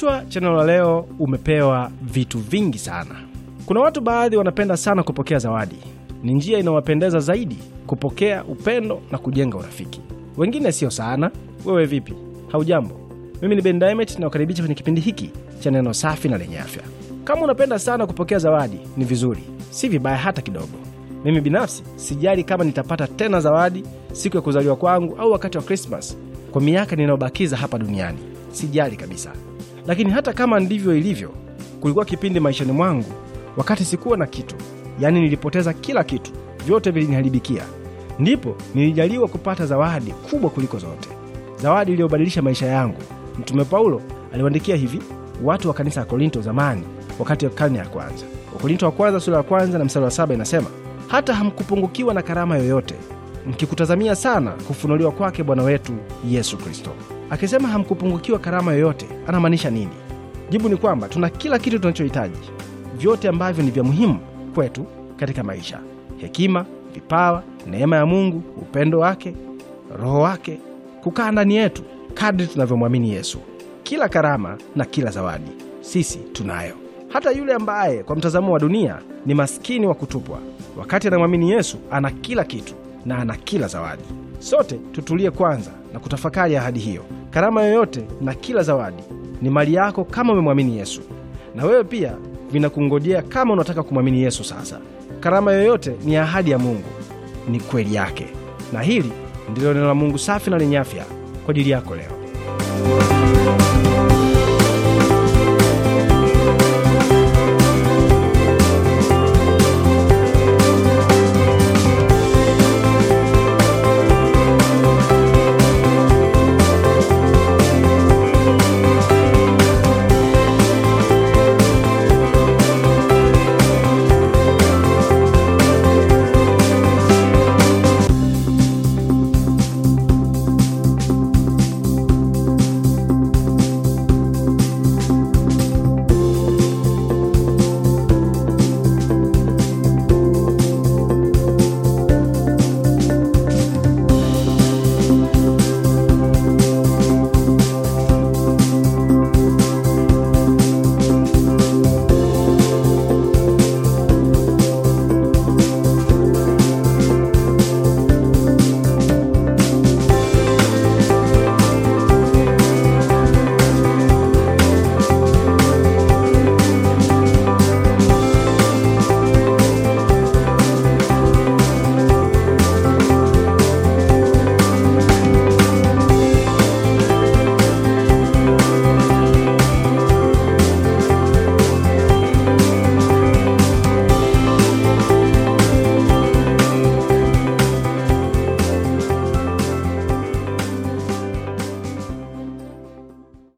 Kichwa cha neno la leo, umepewa vitu vingi sana. Kuna watu baadhi wanapenda sana kupokea zawadi, ni njia inayowapendeza zaidi kupokea upendo na kujenga urafiki. Wengine sio sana. Wewe vipi? Haujambo, mimi ni Ben Diamond na nakukaribisha kwenye kipindi hiki cha neno safi na lenye afya. Kama unapenda sana kupokea zawadi, ni vizuri, si vibaya hata kidogo. Mimi binafsi sijali kama nitapata tena zawadi siku ya kuzaliwa kwangu au wakati wa Krismas kwa miaka ninayobakiza hapa duniani sijali kabisa. Lakini hata kama ndivyo ilivyo, kulikuwa kipindi maishani mwangu wakati sikuwa na kitu, yaani nilipoteza kila kitu, vyote viliniharibikia. Ndipo nilijaliwa kupata zawadi kubwa kuliko zote, zawadi iliyobadilisha maisha yangu. Mtume Paulo aliwaandikia hivi watu wa kanisa la Korinto zamani, wakati wa karne ya kwanza. Wakorinto wa kwanza sura ya kwanza na mstari wa saba inasema, hata hamkupungukiwa na karama yoyote, mkikutazamia sana kufunuliwa kwake Bwana wetu Yesu Kristo. Akisema hamkupungukiwa karama yoyote, anamaanisha nini? Jibu ni kwamba tuna kila kitu tunachohitaji, vyote ambavyo ni vya muhimu kwetu katika maisha: hekima, vipawa, neema ya Mungu, upendo wake, roho wake kukaa ndani yetu kadri tunavyomwamini Yesu. Kila karama na kila zawadi sisi tunayo. Hata yule ambaye kwa mtazamo wa dunia ni maskini wa kutupwa, wakati anamwamini Yesu ana kila kitu na ana kila zawadi. Sote tutulie kwanza na kutafakari ahadi hiyo. Karama yoyote na kila zawadi ni mali yako kama umemwamini Yesu, na wewe pia vinakungojea kama unataka kumwamini Yesu. Sasa karama yoyote ni ahadi ya Mungu, ni kweli yake, na hili ndilo neno la Mungu safi na lenye afya kwa ajili yako leo.